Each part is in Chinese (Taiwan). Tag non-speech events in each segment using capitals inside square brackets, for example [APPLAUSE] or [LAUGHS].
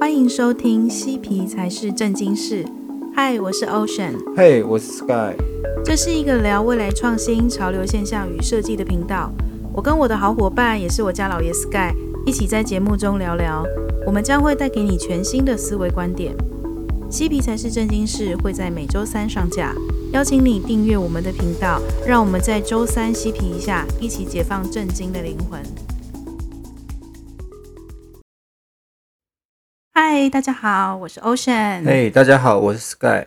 歡迎收聽《嬉皮才是正經事》。嗨，我是 Ocean。嘿，hey, 我是 Sky。這是一個聊未來創新、潮流現象與設計的頻道。我跟我的好夥伴，也是我家老爺 Sky，一起在節目中聊聊。我們將會帶給你全新的思維觀點。嬉皮才是正經事，會在每周三上架。邀請你訂閱我們的頻道，讓我們在周三嬉皮一下，一起解放正經的靈魂。大家好，我是 Ocean。哎，hey, 大家好，我是 Sky。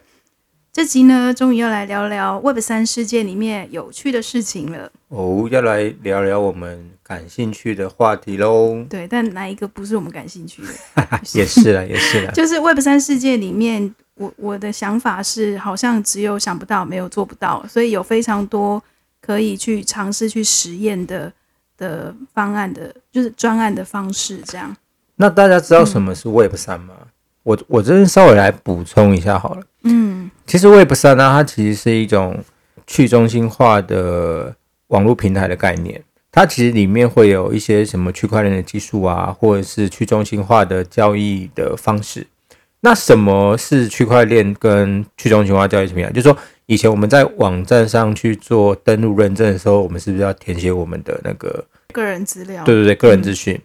這集呢，終於要來聊聊 Web3 世界裡面有趣的事情了。哦，oh, 要來聊聊我們感興趣的話題嘍。對，但哪一個不是我們感興趣的？ [LAUGHS] 也是了，也是了。就是 Web3 世界裡面，我我的想法是，好像只有想不到，沒有做不到，所以有非常多可以去嘗試、去實驗的的方案的，就是專案的方式這樣。那大家知道什麼是 Web 三嗎？嗯、我我這邊稍微來補充一下好了。嗯，其實 Web 三呢、啊，它其實是一種去中心化的網絡平台的概念。它其實裡面會有一些什麼區塊鏈的技術啊，或者是去中心化的交易的方式。那什麼是區塊鏈跟去中心化交易怎麼樣？就是說，以前我們在網站上去做登錄認證的時候，我們是不是要填寫我們的那個個人資料？對對對，個人資訊。嗯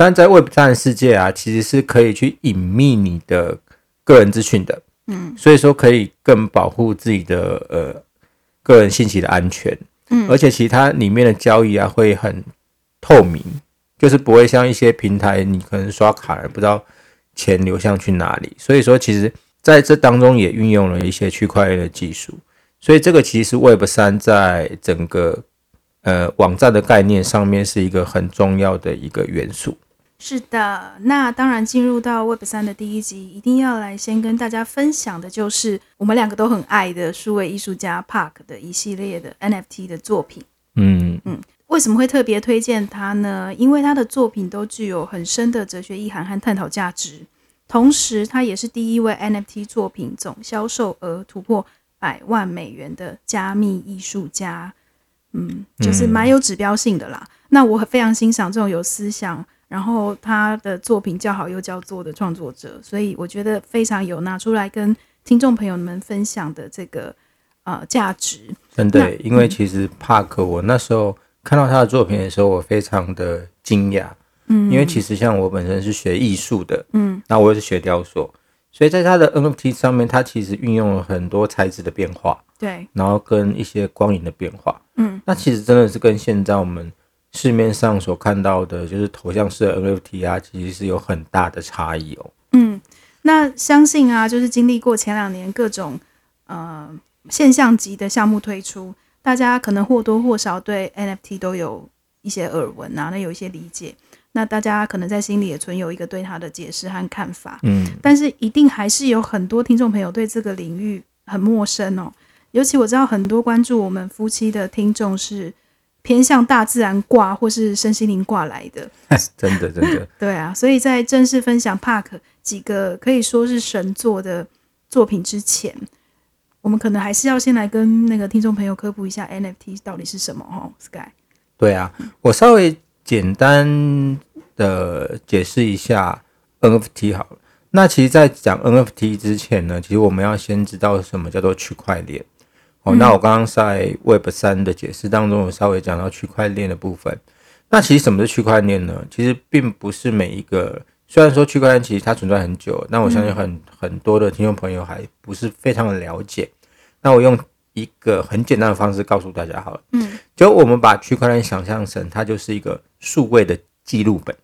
但在 Web 三的世界啊，其實是可以去隱祕你的個人資訊的，嗯，所以說可以更保護自己的呃個人信息的安全，嗯，而且其他裡面的交易啊會很透明，就是不會像一些平台你可能刷卡而不知道錢流向去哪裡，所以說其實在這當中也運用了一些區塊鏈的技術，所以這個其實 Web 三在整個呃網站的概念上面是一個很重要的一個元素。是的，那當然，進入到 Web 三的第一集，一定要來先跟大家分享的，就是我們兩個都很愛的數位藝術家 Pak 的一系列的 NFT 的作品。嗯嗯，為什麼會特別推薦他呢？因為他的作品都具有很深的哲學意涵和探討價值，同時他也是第一位 NFT 作品總銷售額突破百萬美元的加密藝術家。嗯，就是蠻有指標性的啦。嗯、那我非常欣賞這種有思想。然後他的作品叫好又叫座的創作者，所以我覺得非常有拿出來跟聽眾朋友們分享的這個呃價值。對，那因為其實帕克，我那時候看到他的作品的時候，我非常的驚訝。嗯，因為其實像我本身是學藝術的，嗯，那我也是學雕塑，所以在他的 NFT 上面，他其實運用了很多材質的變化，對，然後跟一些光影的變化，嗯，那其實真的是跟現在我們。市面上所看到的，就是頭像式 NFT 啊，其實是有很大的差異哦。嗯，那相信啊，就是經歷過前兩年各種呃現象級的項目推出，大家可能或多或少對 NFT 都有一些耳聞啊，那有一些理解。那大家可能在心裡也存有一個對它的解釋和看法。嗯，但是一定還是有很多聽眾朋友對這個領域很陌生哦。尤其我知道很多關注我們夫妻的聽眾是。偏向大自然掛或是身心靈掛來的，的，真的真的， [LAUGHS] 對啊，所以在正式分享帕克幾個可以說是神作的作品之前，我們可能還是要先來跟那個聽眾朋友科普一下 NFT 到底是什麼哦，Sky。對啊，我稍微簡單的解釋一下 NFT 好了。那其實，在講 NFT 之前呢，其實我們要先知道什麼叫做區塊鏈。哦、那我剛剛在 Web 三的解釋當中，我稍微講到區塊鏈的部分。那其實什麼是區塊鏈呢？其實並不是每一個。雖然說區塊鏈其實它存在很久，但我相信很、嗯、很多的聽眾朋友還不是非常的了解。那我用一個很簡單的方式告訴大家好了。嗯，就我們把區塊鏈想象成它就是一個數位的記錄本。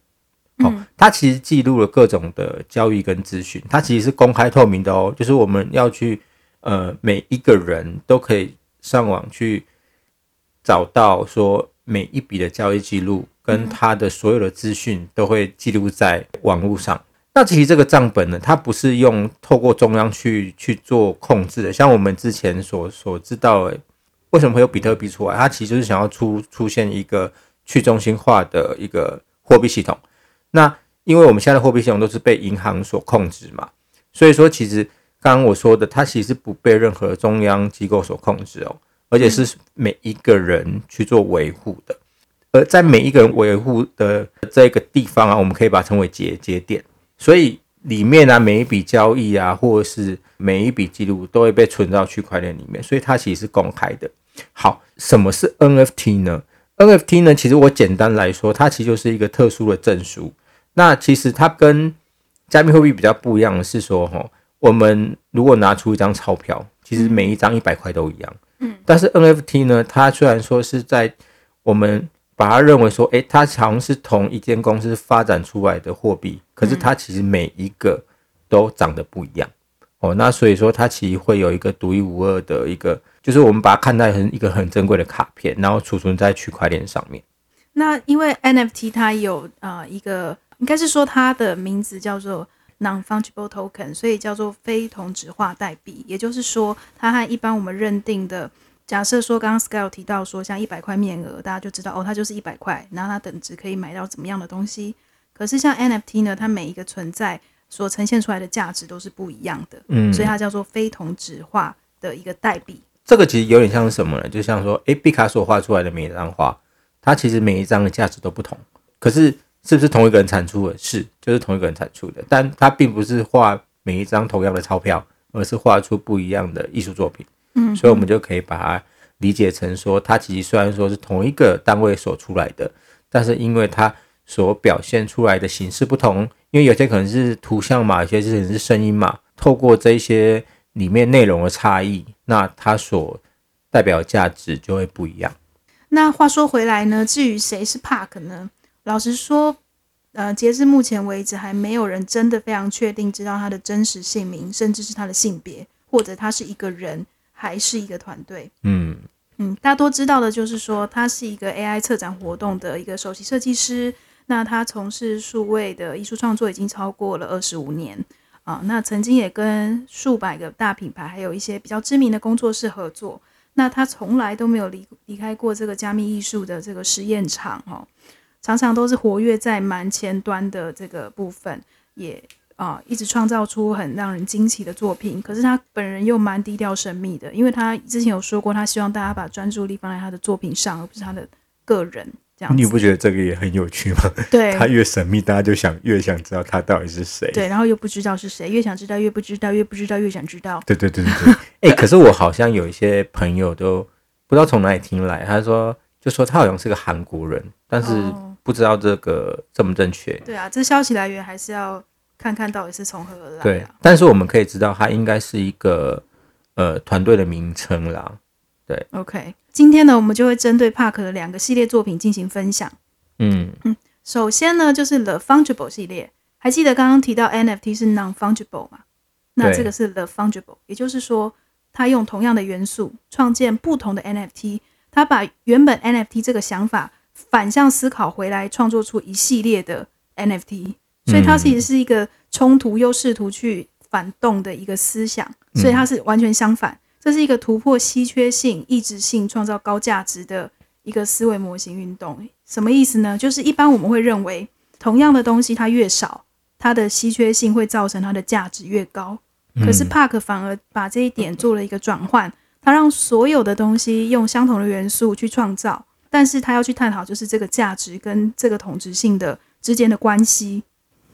哦，嗯、它其實記錄了各種的交易跟資訊，它其實是公開透明的哦。就是我們要去。呃，每一個人都可以上網去找到，說每一筆的交易記錄跟他的所有的資訊都會記錄在網絡上。嗯、那其實這個賬本呢，它不是用透過中央去去做控制的。像我們之前所所知道的，為什麼會有比特幣出來？它其實是想要出出現一個去中心化的一個貨幣系統。那因為我們現在的貨幣系統都是被銀行所控制嘛，所以說其實。剛剛我說的，它其實不被任何中央機構所控制哦，而且是每一個人去做維護的。而在每一個人維護的這個地方啊，我們可以把它稱為節節點。所以裡面啊，每一筆交易啊，或者是每一筆記錄都會被存到區塊鏈裡面，所以它其實是公開的。好，什麼是 NFT 呢？NFT 呢，其實我簡單來說，它其實就是一個特殊的證書。那其實它跟加密貨幣比較不一樣的是說，哈。我們如果拿出一張鈔票，其實每一張一百塊都一樣。嗯，但是 NFT 呢，它雖然說是在我們把它認為說，哎、欸，它好像是同一間公司發展出來的貨幣，可是它其實每一個都長得不一樣。嗯、哦，那所以說它其實會有一個獨一無二的一個，就是我們把它看待成一個很珍貴的卡片，然後儲存在區塊鏈上面。那因為 NFT 它有啊、呃、一個，應該是說它的名字叫做 Non-fungible token，所以叫做非同質化代幣。也就是說，它和一般我們認定的假設說，剛剛 Sky 提到說，像一百塊面額，大家就知道哦，它就是一百塊，然後它等值可以買到怎麼樣的東西。可是像 NFT 呢，它每一個存在所呈現出來的價值都是不一樣的，嗯，所以它叫做非同質化的一個代幣，嗯。這個其實有點像是什麼呢？就像說，哎、欸，畢卡索畫出來的每一張畫，它其實每一張的價值都不同，可是。是不是同一個人產出的？是，就是同一個人產出的，但他並不是畫每一張同樣的鈔票，而是畫出不一樣的藝術作品。嗯哼，所以我們就可以把它理解成說，它其實雖然說是同一個單位所出來的，但是因為它所表現出來的形式不同，因為有些可能是圖像嘛，有些是可能是聲音嘛，透過這一些裡面內容的差異，那它所代表的價值就會不一樣。那話說回來呢，至於誰是 Pak 呢？老實說，呃，截至目前為止，還沒有人真的非常確定知道他的真實姓名，甚至是他的性別，或者他是一個人還是一個團隊。嗯嗯，大多知道的就是說，他是一個 AI 策展活動的一個首席設計師。那他從事數位的藝術創作已經超過了二十五年啊。那曾經也跟數百個大品牌，還有一些比較知名的工作室合作。那他從來都沒有離離開過這個加密藝術的這個實驗場哦。常常都是活躍在蠻前端的這個部分，也啊、呃、一直創造出很讓人驚奇的作品。可是他本人又蠻低調神秘的，因為他之前有說過，他希望大家把專注力放在他的作品上，嗯、而不是他的個人。這樣子你不覺得這個也很有趣嗎？對，他越神秘，大家就想越想知道他到底是誰？對，然後又不知道是誰，越想知道越不知道，越不知道越想知道。對對對對對。哎、 [LAUGHS] 欸，可是我好像有一些朋友都不知道從哪裡聽來，他說就說他好像是個韓國人，但是。Oh. 不知道這個這麼正不正確？對啊，這消息來源還是要看看到底是從何而來啊。對，但是我們可以知道，它應該是一個呃團隊的名稱啦。對，OK，今天呢，我們就會針對 Pak 的兩個系列作品進行分享。嗯，首先呢，就是 The Fungible 系列，還記得剛剛提到 NFT 是 Non-Fungible 嘛？那這個是 The Fungible，對也就是說，他用同樣的元素創建不同的 NFT，他把原本 NFT 這個想法。反向思考回來，創作出一系列的 NFT，所以它其實是一個衝突又試圖去反動的一個思想，所以它是完全相反。這是一個突破稀缺性、異質性，創造高價值的一個思維模型運動。什麼意思呢？就是一般我們會認為，同樣的東西它越少，它的稀缺性會造成它的價值越高。可是 Pak 反而把這一點做了一個轉換，他讓所有的東西用相同的元素去創造。但是他要去探討，就是這個價值跟這個同質性的之間的關係。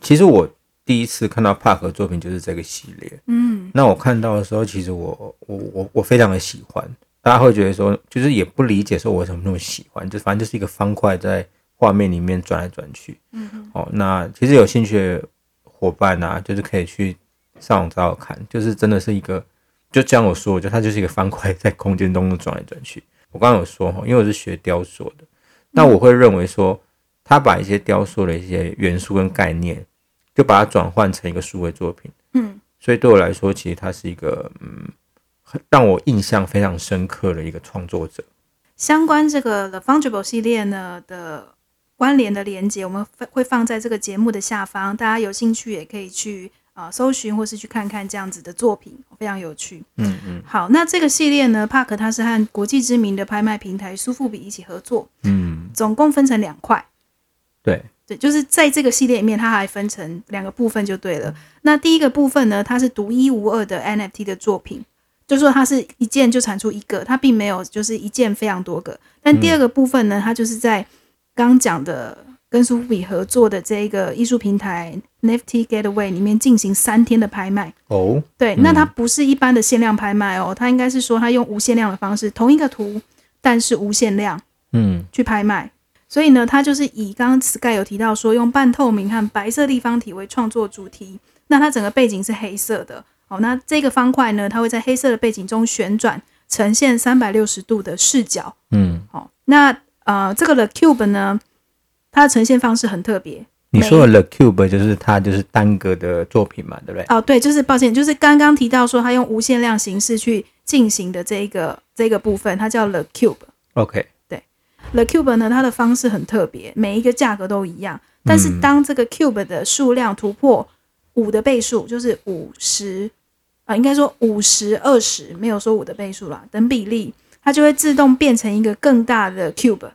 其實我第一次看到帕克作品就是這個系列，嗯，那我看到的時候，其實我我我我非常的喜歡。大家會覺得說，就是也不理解說我為什麼那麼喜歡，就反正就是一個方塊在畫面裡面轉來轉去，嗯，哦，那其實有興趣的伙伴呢、啊，就是可以去上網找找看，就是真的是一個，就這樣我說，就它就是一個方塊在空間當中轉來轉去。我剛剛有說哈，因為我是學雕塑的，那我會認為說，他把一些雕塑的一些元素跟概念，就把它轉換成一個數位作品。嗯，所以對我來說，其實他是一個嗯，很讓我印象非常深刻的一個創作者。相關這個 The Fungible 系列呢的關聯的連結，我們會放在這個節目的下方，大家有興趣也可以去，啊，搜尋或是去看看這樣子的作品，非常有趣。嗯嗯，好，那這個系列呢，帕克他是和國際知名的拍賣平台蘇富比一起合作。嗯，總共分成兩塊。對對，就是在這個系列裡面，它還分成兩個部分就對了。嗯、那第一個部分呢，它是獨一無二的 NFT 的作品，就說它是一件就產出一個，它並沒有就是一件非常多個。但第二個部分呢，它就是在剛講的。嗯嗯跟蘇富比合作的這一個藝術平台 Nifty Gateway 裡面進行三天的拍賣哦。Oh, 對，嗯、那它不是一般的限量拍賣哦、喔，它應該是說它用無限量的方式，同一個圖，但是無限量，嗯，去拍賣。所以呢，它就是以剛剛 Sky 有提到說用半透明和白色立方體為創作主題，那它整個背景是黑色的。哦。那這個方塊呢，它會在黑色的背景中旋轉，呈現三百六十度的視角。嗯，哦，那呃，這個的 Cube 呢？它的呈現方式很特別。你說的 The Cube 就是它，就是單個的作品嘛，對不對？哦，對，就是抱歉，就是剛剛提到說它用無限量形式去進行的這一個這個部分，它叫 The Cube okay。OK，對，The Cube 呢，它的方式很特別，每一個價格都一樣，但是當這個 Cube 的數量突破五的倍數，嗯、就是五十啊，應該說五十二十，沒有說五的倍數啦，等比例，它就會自動變成一個更大的 Cube。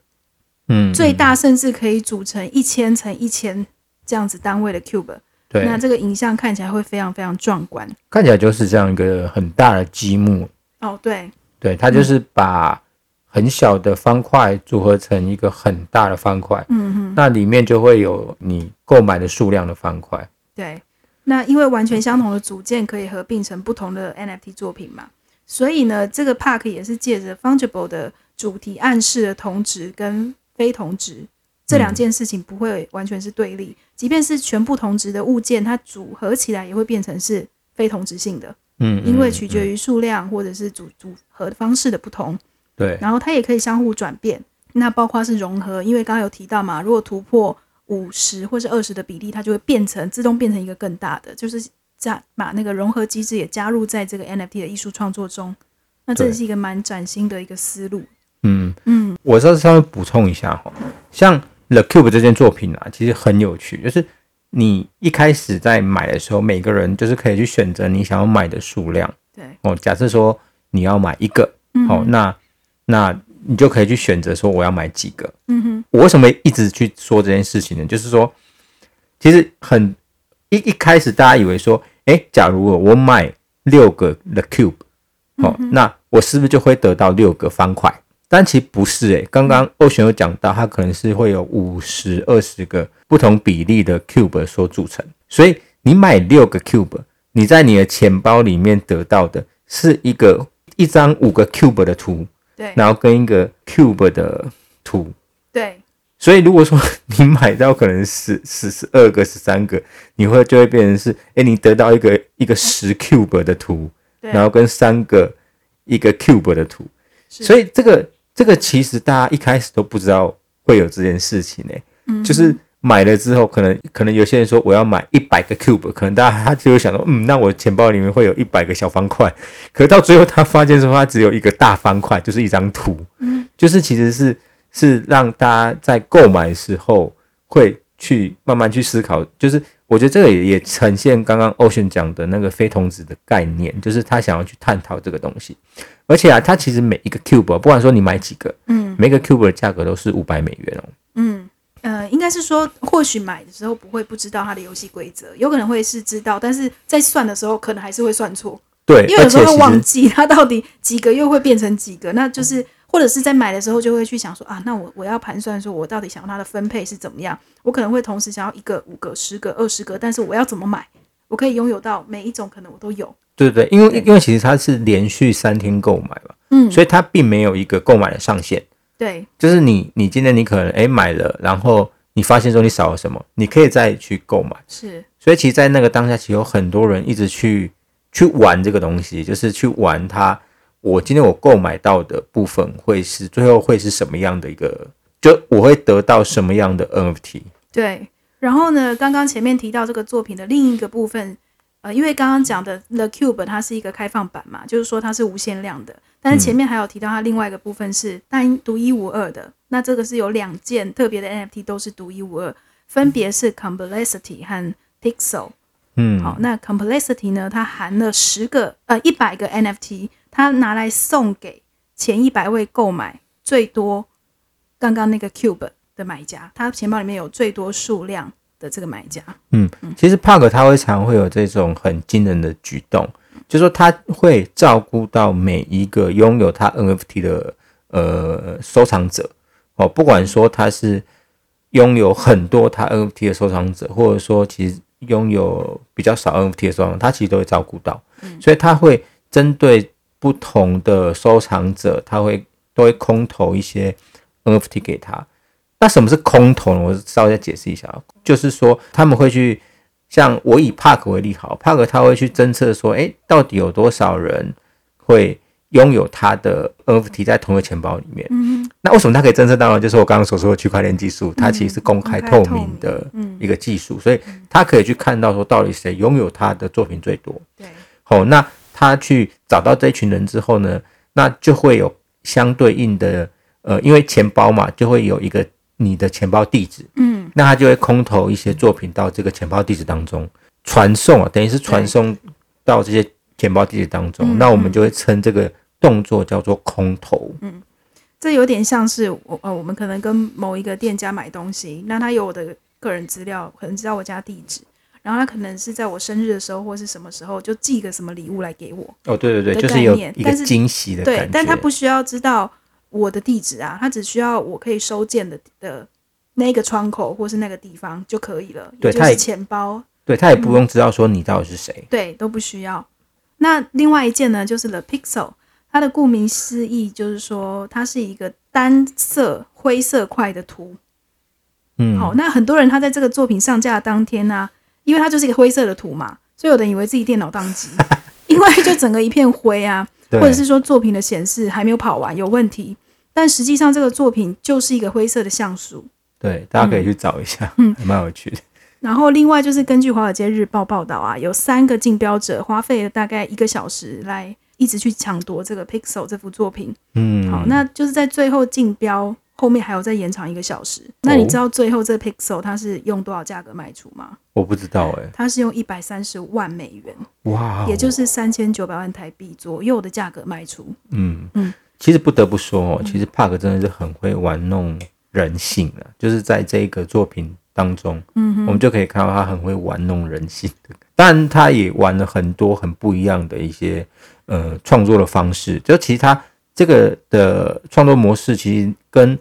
嗯，最大甚至可以組成一千乘一千這樣子單位的 cube，對，那這個影像看起來會非常非常壯觀，看起來就是這樣一個很大的積木。 S S S 哦，對，對，它就是把很小的方塊組合成一個很大的方塊， S S 嗯哼，那裡面就會有你購買的數量的方塊。 S 對，那因為完全相同的組件可以合併成不同的 NFT 作品嘛，所以呢，這個 Pak 也是借着 fungible 的主題暗示的同時跟。非同質這兩件事情不會完全是對立，嗯、即便是全部同質的物件，它組合起來也會變成是非同質性的。嗯，因為取決於數量或者是組組合方式的不同。對，然後它也可以相互轉變。那包括是融合，因為剛剛有提到嘛，如果突破五十或是二十的比例，它就會變成自動變成一個更大的，就是在把那個融合機制也加入在這個 NFT 的藝術創作中。那這是一個蠻嶄新的一個思路。嗯嗯，我稍微稍微補充一下哈，像 The Cube 這件作品啊，其實很有趣，就是你一開始在買的時候，每個人就是可以去選擇你想要買的數量。對哦，假設說你要買一個，好、嗯哦，那那你就可以去選擇說我要買幾個。嗯哼，我為什麼一直去說這件事情呢？就是說，其實很一一開始大家以為說，誒、欸，假如我買六個 The Cube、哦嗯、哼那我是不是就會得到六個方塊？但其實不是誒、欸，剛剛 Ocean 有講到，它可能是會有五十、二十個不同比例的 cube 所組成。所以你買六個 cube，你在你的錢包裡面得到的，是一個一張五個 cube 的圖，對，然後跟一個 cube 的圖，對。所以如果說你買到可能是十、十二個、十三個，你會就會變成是，哎、欸，你得到一個一個十 cube 的圖，對然後跟三個一個 cube 的圖，是所以這個。這個其實大家一開始都不知道會有這件事情誒、欸，嗯、就是買了之後，可能可能有些人說我要買一百個 cube，可能大家他就會想到，嗯，那我錢包裡面會有一百個小方塊，可到最後他發現說他只有一個大方塊，就是一張圖，嗯，就是其實是是讓大家在購買的時候會去慢慢去思考，就是。我覺得這個也也呈現剛剛 Ocean 講的那個非同質的概念，就是他想要去探討這個東西。而且啊，他其實每一個 Cube，不管說你買幾個，嗯，每個 Cube 的價格都是五百美元哦。嗯呃，應該是說，或許買的時候不會不知道他的遊戲規則，有可能會是知道，但是在算的時候可能還是會算錯。對，因為有時候會忘記他到底幾個又會變成幾個，那就是。或者是在買的時候就會去想說啊，那我我要盤算說，我到底想要它的分配是怎麼樣？我可能會同時想要一個、五個、十個、二十個，但是我要怎麼買？我可以擁有到每一種，可能我都有。對對對，因為對因為其實它是連續三天購買嘛，嗯，所以它並沒有一個購買的上限。對，就是你你今天你可能誒、欸、買了，然後你發現說你少了什麼，你可以再去購買。是，所以其實在那個當下，其實有很多人一直去去玩這個東西，就是去玩它。我今天我購買到的部分會是最後會是什麼樣的一個？就我會得到什麼樣的 NFT？對。然後呢，剛剛前面提到這個作品的另一個部分，呃，因為剛剛講的 The Cube 它是一個開放版嘛，就是說它是無限量的。但是前面還有提到它另外一個部分是單獨一無二的。嗯。那這個是有兩件特別的 NFT，都是獨一無二，分別是 Complexity 和 Pixel。嗯，好，那 Complexity 呢，它含了十個呃一百個 NFT。他拿來送給前一百位購買最多剛剛那個 Cube 的買家，他錢包裡面有最多數量的這個買家。嗯，其實 Pak 他會常會有這種很驚人的舉動，嗯、就是說他會照顧到每一個擁有他 NFT 的呃收藏者哦，不管說他是擁有很多他 NFT 的收藏者，或者說其實擁有比較少 NFT 的收藏者，他其實都會照顧到。嗯、所以他會針對。不同的收藏者，他會都會空投一些 NFT 給他。那什麼是空投呢？我稍微再解釋一下，就是說他們會去，像我以帕克為例，好，帕克他會去偵測說，哎，到底有多少人會擁有他的 NFT 在同一個錢包裡面。那為什麼他可以偵測到呢？就是我剛剛所說的區塊鏈技術，它其實是公開透明的一個技術，所以他可以去看到說到底誰擁有他的作品最多。對。好，那。他去找到這群人之後呢，那就會有相對應的，呃，因為錢包嘛，就會有一個你的錢包地址，嗯，那他就會空投一些作品到這個錢包地址當中，傳送啊，等於是傳送到這些錢包地址當中，對那我們就會稱這個動作叫做空投，嗯，嗯，這有點像是我，呃，我們可能跟某一個店家買東西，那他有我的個人資料，可能知道我家地址。然後他可能是在我生日的時候，或是什麼時候，就寄個什麼禮物來給我。哦，對對對，就是有一個驚喜的對，但他不需要知道我的地址啊，他只需要我可以收件的的那個窗口，或是那個地方就可以了。對他也就是錢包，他對他也不用知道說你到底是誰，嗯、對都不需要。那另外一件呢，就是 The Pixel，它的顧名思義就是說它是一個單色灰色塊的圖。嗯，好、哦，那很多人他在這個作品上架當天啊，因為它就是一個灰色的圖嘛，所以有人以為自己電腦宕機， [LAUGHS] 因為就整個一片灰啊，對或者是說作品的顯示還沒有跑完有問題，但實際上這個作品就是一個灰色的像素。對，大家可以去找一下，蠻、嗯、有趣的、嗯。然後另外就是根據《華爾街日報》報道啊，有三個競標者花費了大概一個小時來一直去搶奪這個 Pixel 這幅作品。嗯，好，嗯、那就是在最後競標。後面還有再延長一個小時。哦、那你知道最後這 Pixel 它是用多少價格賣出嗎？我不知道誒、欸，它是用一百三十萬美元，哇 Wow，也就是三千九百萬台幣左右的價格賣出。嗯嗯，嗯其實不得不說哦，其實帕克真的是很會玩弄人性的、嗯、就是在這一個作品當中，嗯哼，我們就可以看到他很會玩弄人性的。當然，他也玩了很多很不一樣的一些呃創作的方式。就其實他這個的創作模式，其實。跟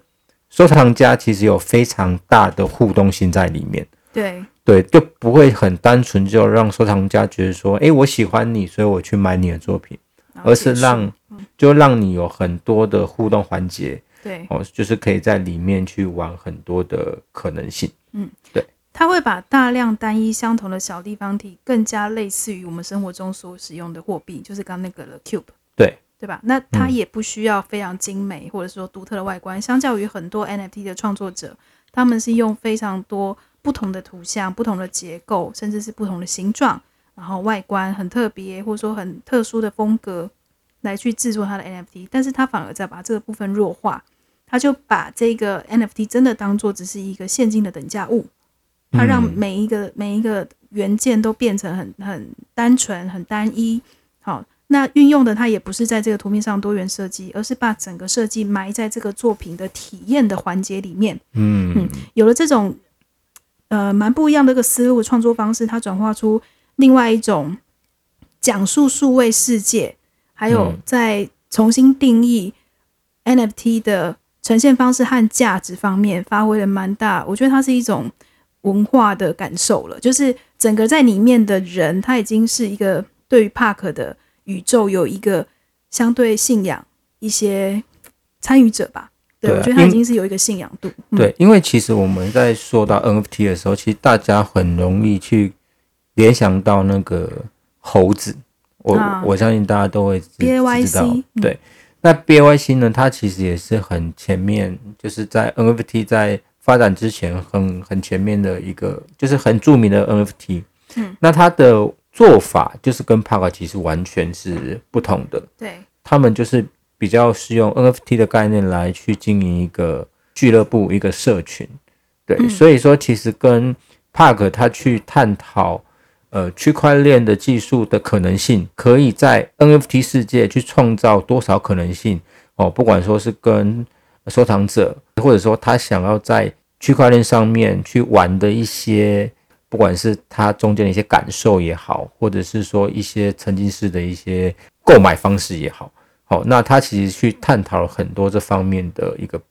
收藏家其實有非常大的互動性在裡面，對對，就不會很單純，就讓收藏家覺得說，誒、欸，我喜歡你，所以我去買你的作品，而是讓就讓你有很多的互動環節，對，哦、喔，就是可以在裡面去玩很多的可能性，嗯，對，他會把大量單一相同的小立方體，更加類似於我們生活中所使用的貨幣，就是剛剛那個了，cube。對吧？那它也不需要非常精美，或者說獨特的外觀。相較於很多 NFT 的創作者，他們是用非常多不同的圖像、不同的結構，甚至是不同的形狀，然後外觀很特別，或者說很特殊的風格來去制作它的 NFT。但是，它反而在把這個部分弱化，它就把這個 NFT 真的當做只是一個現金的等價物。它讓每一個每一個元件都變成很很單純、很單一。好。那運用的它也不是在這個圖片上多元設計，而是把整個設計埋在這個作品的體驗的環節裡面。嗯嗯，有了這種呃蠻不一樣的一個思路創作方式，它轉化出另外一種講述數位世界，還有在重新定義 NFT 的呈現方式和價值方面發揮的蠻大。我覺得它是一種文化的感受了，就是整個在裡面的人，他已經是一個對於 Pak 的。宇宙有一個相對信仰一些參與者吧，對，對我覺得他已經是有一個信仰度。對，嗯、因為其實我們在說到 NFT 的時候，其實大家很容易去聯想到那個猴子，我、啊、我相信大家都會知道。B A y cBAYC, 嗯、對，那 b、A、y cBAYC 呢？它其實也是很前面，就是在 NFT 在發展之前很，很很前面的一個，就是很著名的 NFT。嗯，那它的。做法就是跟帕克其實完全是不同的。對，他們就是比較是用 NFT 的概念來去經營一個俱樂部、一個社群，對，嗯、所以說其實跟帕克他去探討，呃，區塊鏈的技術的可能性，可以在 NFT 世界去創造多少可能性哦，不管說是跟收藏者，或者說他想要在區塊鏈上面去玩的一些。不管是他中間的一些感受也好，或者是說一些沉浸式的一些購買方式也好，好，那他其實去探討了很多這方面的一個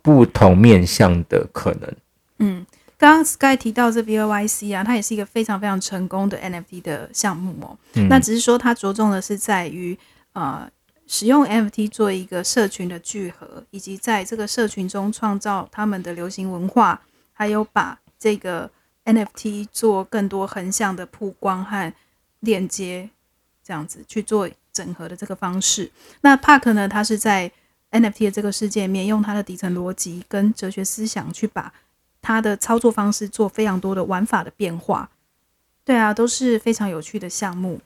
不同面向的可能。嗯，剛剛 Sky 提到的這 B A Y C 啊，它也是一個非常非常成功的 N F T 的項目哦、喔。嗯、那只是說它着重的是在於呃，使用 N F T 做一個社群的聚合，以及在這個社群中創造他們的流行文化，還有把這個。NFT 做更多橫向的曝光和鏈接，這樣子去做整合的這個方式。那 Pak 呢，他是在 NFT 的這個世界裡面，用他的底層邏輯跟哲學思想去把他的操作方式做非常多的玩法的變化。對啊，都是非常有趣的項目。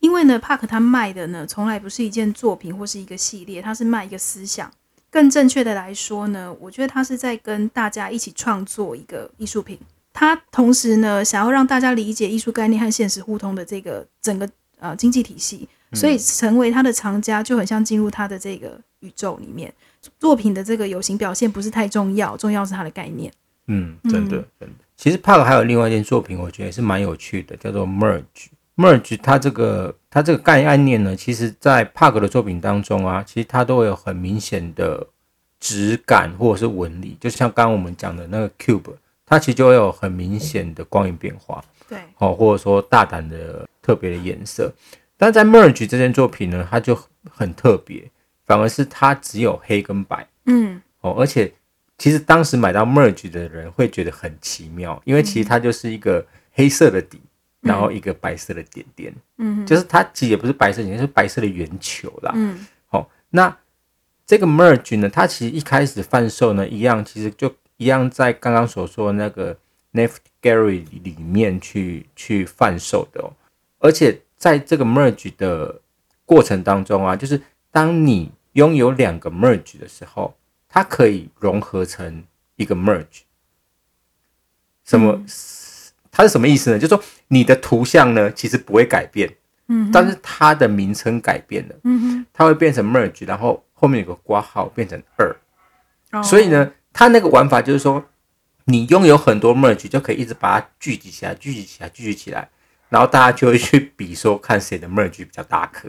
因為呢，Pak 他賣的呢，從來不是一件作品或是一個系列，他是賣一個思想。更正確的來說呢，我覺得他是在跟大家一起創作一個藝術品。他同時呢，想要讓大家理解藝術概念和現實互通的這個整個呃經濟體系，所以成為他的藏家就很像進入他的這個宇宙裡面。作品的這個有形表現不是太重要，重要是它的概念。嗯，真的，真的。嗯。其實帕克還有另外一件作品，我覺得也是蠻有趣的，叫做 Merge。Merge，它這個它這個概念呢，其實，在帕克的作品當中啊，其實它都有很明顯的質感或者是紋理，就像剛剛我們講的那個 Cube。它其實就會有很明顯的光影變化，對，哦，或者說大膽的特別的顏色，但在 Merge 這件作品呢，它就很特別，反而是它只有黑跟白，嗯，哦，而且其實當時買到 Merge 的人會覺得很奇妙，因為其實它就是一個黑色的底，嗯，然後一個白色的點點，嗯，就是它其實也不是白色的點，是白色的圓球啦，嗯，哦，那這個 Merge 呢，它其實一開始販售呢一樣，其實就。一樣在剛剛所說的那個 NFT Gallery 裡面去去販售的、喔，而且在這個 Merge 的過程當中啊，就是當你擁有兩個 Merge 的時候，它可以融合成一個 Merge。什麼？它是什麼意思呢？就是說你的圖像呢，其實不會改變，嗯，但是它的名稱改變了，嗯它會變成 Merge，然後後面有一個括號變成二、mm，hmm. 所以呢。它那個玩法就是說，你擁有很多 merge，就可以一直把它聚集起來，聚集起來，聚集起來，然後大家就會去比，說看誰的 merge 比較大顆，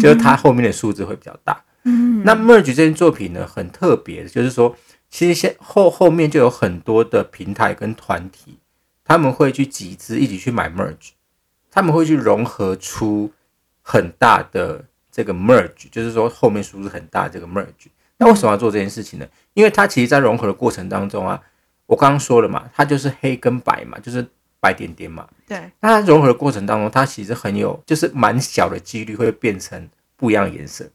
就是它後面的數字會比較大。嗯，那 merge 這件作品呢，很特別的，就是說，其實先後後面就有很多的平台跟團體，他們會去集資，一起去買 merge，他們會去融合出很大的這個 merge，就是說後面數字很大的這個 merge。那為什麼要做這件事情呢？因為它其實，在融合的過程當中啊，我剛剛說了嘛，它就是黑跟白嘛，就是白點點嘛。對。那它融合的過程當中，它其實很有，就是蠻小的幾率會變成不一樣的顏色。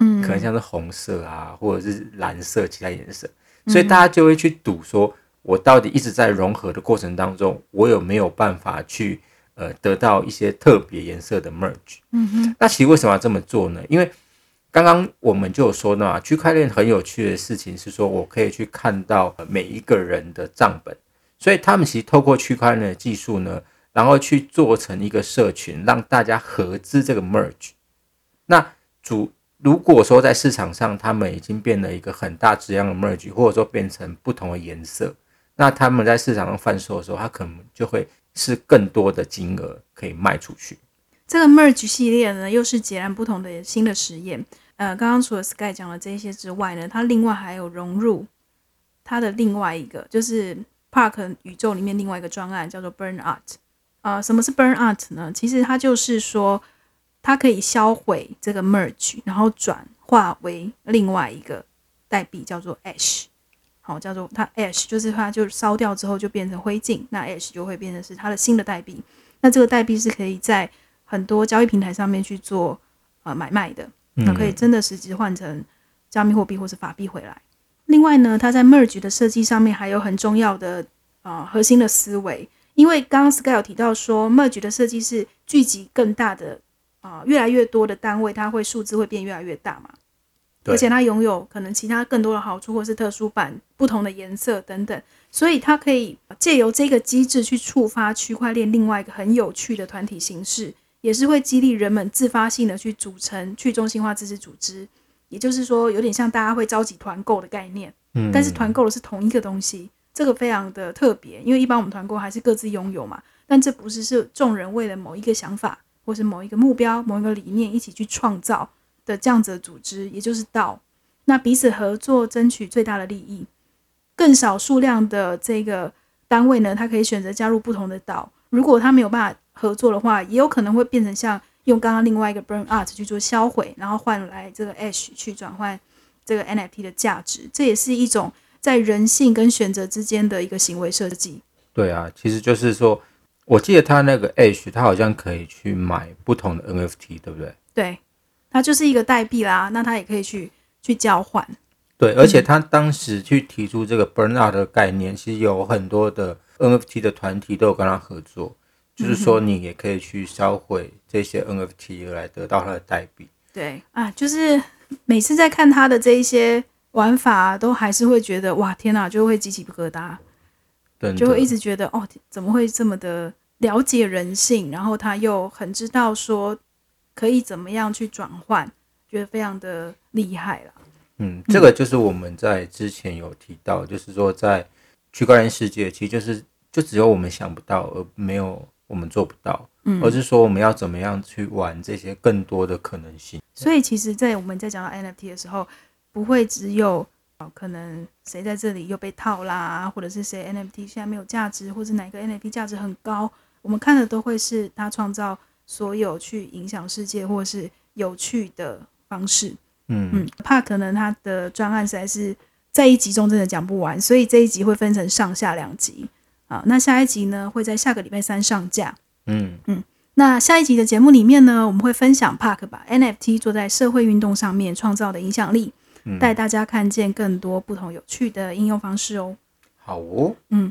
嗯。可能像是紅色啊，或者是藍色，其他顏色。所以大家就會去賭，說我到底一直在融合的過程當中，我有沒有辦法去呃得到一些特別顏色的 merge？嗯哼。那其實為什麼要這麼做呢？因為。剛剛我們就有說到啊，區塊鏈很有趣的事情是說，我可以去看到每一個人的賬本，所以他們其實透過區塊鏈的技術呢，然後去做成一個社群，讓大家合資這個 merge。那主如果說在市場上，他們已經變了一個很大質量的 merge，或者說變成不同的顏色，那他們在市場上販售的時候，他可能就會是更多的金額可以賣出去。這個 merge 系列呢，又是截然不同的新的實驗。呃，剛剛除了 Sky 講了這些之外呢，它另外還有融入它的另外一個，就是 Pak 宇宙裡面另外一個專案叫做 Burn Art。呃，什麼是 Burn Art 呢？其實它就是說它可以銷毀這個 Merge，然後轉化為另外一個代幣，叫做 Ash。好、哦，叫做它 Ash 就是它就燒掉之後就變成灰燼，那 Ash 就會變成是它的新的代幣。那這個代幣是可以在很多交易平台上面去做呃買賣的。它可以真的實質換成加密貨幣或是法幣回來。另外呢，它在 Merge 的設計上面還有很重要的啊、呃、核心的思維，因為剛剛 Sky 有提到說對 Merge 的設計是聚集更大的啊、呃、越來越多的單位，它會數字會變越來越大嘛。而且它擁有可能其他更多的好處，或是特殊版，不同的顏色等等，所以它可以借由這個機制去觸發區塊鏈另外一個很有趣的團體形式。也是會激勵人們自發性的去組成去中心化自治組織，也就是說，有點像大家會召集團購的概念。嗯，但是團購的是同一個東西，這個非常的特別，因為一般我們團購還是各自擁有嘛。但這不是是眾人為了某一個想法，或是某一個目標、某一個理念一起去創造的這樣子的組織，也就是道，那彼此合作，爭取最大的利益。更少數量的這個單位呢，他可以選擇加入不同的道。如果他沒有辦法。合作的話，也有可能會變成像用剛剛另外一個 burn art 去做銷毀，然後換來這個 ash 去轉換這個 NFT 的價值，這也是一種在人性跟選擇之間的一個行為設計。對啊，其實就是說，我記得他那個 ash，他好像可以去買不同的 NFT，對不對？對，它就是一個代幣啦，那他也可以去去交換。對，而且他當時去提出這個 burn art 的概念，其實有很多的 NFT 的團體都有跟他合作。就是說，你也可以去銷毀這些 NFT 來得到它的代幣對啊，就是每次在看它的這些玩法，啊，都還是會覺得哇，天哪，啊，就會雞皮疙瘩，真的。就會一直覺得哦，怎麼會這麼的了解人性？然後他又很知道說可以怎麼樣去轉換，覺得非常的厲害了。嗯，這個就是我們在之前有提到，嗯、就是說在區塊鏈世界，其實就是就只有我們想不到，而沒有。我們做不到，而是說我們要怎麼樣去玩這些更多的可能性。嗯，所以其實，在我們在講到 NFT 的時候，不會只有哦，可能誰在這裡又被套啦，或者是誰 NFT 現在沒有價值，或者哪個 NFT 價值很高，我們看的都會是它創造所有去影響世界或者是有趣的方式。嗯嗯，Pak 可能它的專案實在是在一集中真的講不完，所以這一集會分成上下兩集。好，那下一集呢，會在下個禮拜三上架。嗯嗯，那下一集的節目裡面呢，我們會分享 Pak 把 NFT 做在社會運動上面創造的影響力，帶、嗯、大家看見更多不同有趣的應用方式哦。好哦，嗯，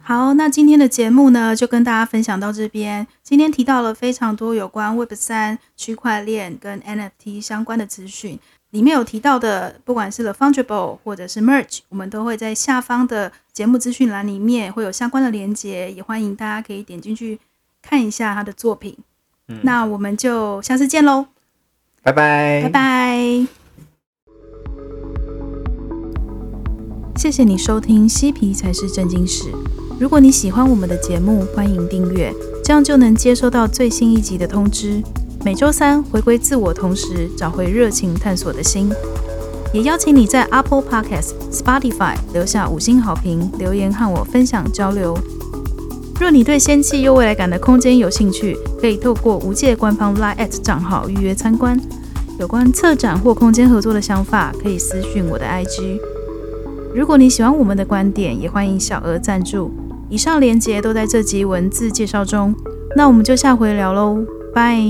好，那今天的節目呢，就跟大家分享到這邊。今天提到了非常多有關 Web3 區塊鏈跟 NFT 相關的資訊。裡面有提到的，不管是 The Fungible 或者是 Merge，我們都會在下方的節目資訊欄裡面會有相關的連接，也歡迎大家可以點進去看一下他的作品。嗯、那我們就下次見嘍，拜拜拜拜！拜拜 謝謝你收聽《嬉皮才是正經事》，如果你喜歡我們的節目，歡迎訂閱，這樣就能接收到最新一集的通知。每週三回歸自我，同時找回熱情探索的心，也邀請你在 Apple Podcast、Spotify 留下五星好評留言和我分享交流。若你對仙氣又未來感的空間有興趣，可以透過無界官方 Line@ 賬號預約參觀。有關策展或空間合作的想法，可以私信我的 IG。如果你喜歡我們的觀點，也歡迎小額贊助。以上鏈接都在這集文字介紹中。那我們就下回聊嘍，拜。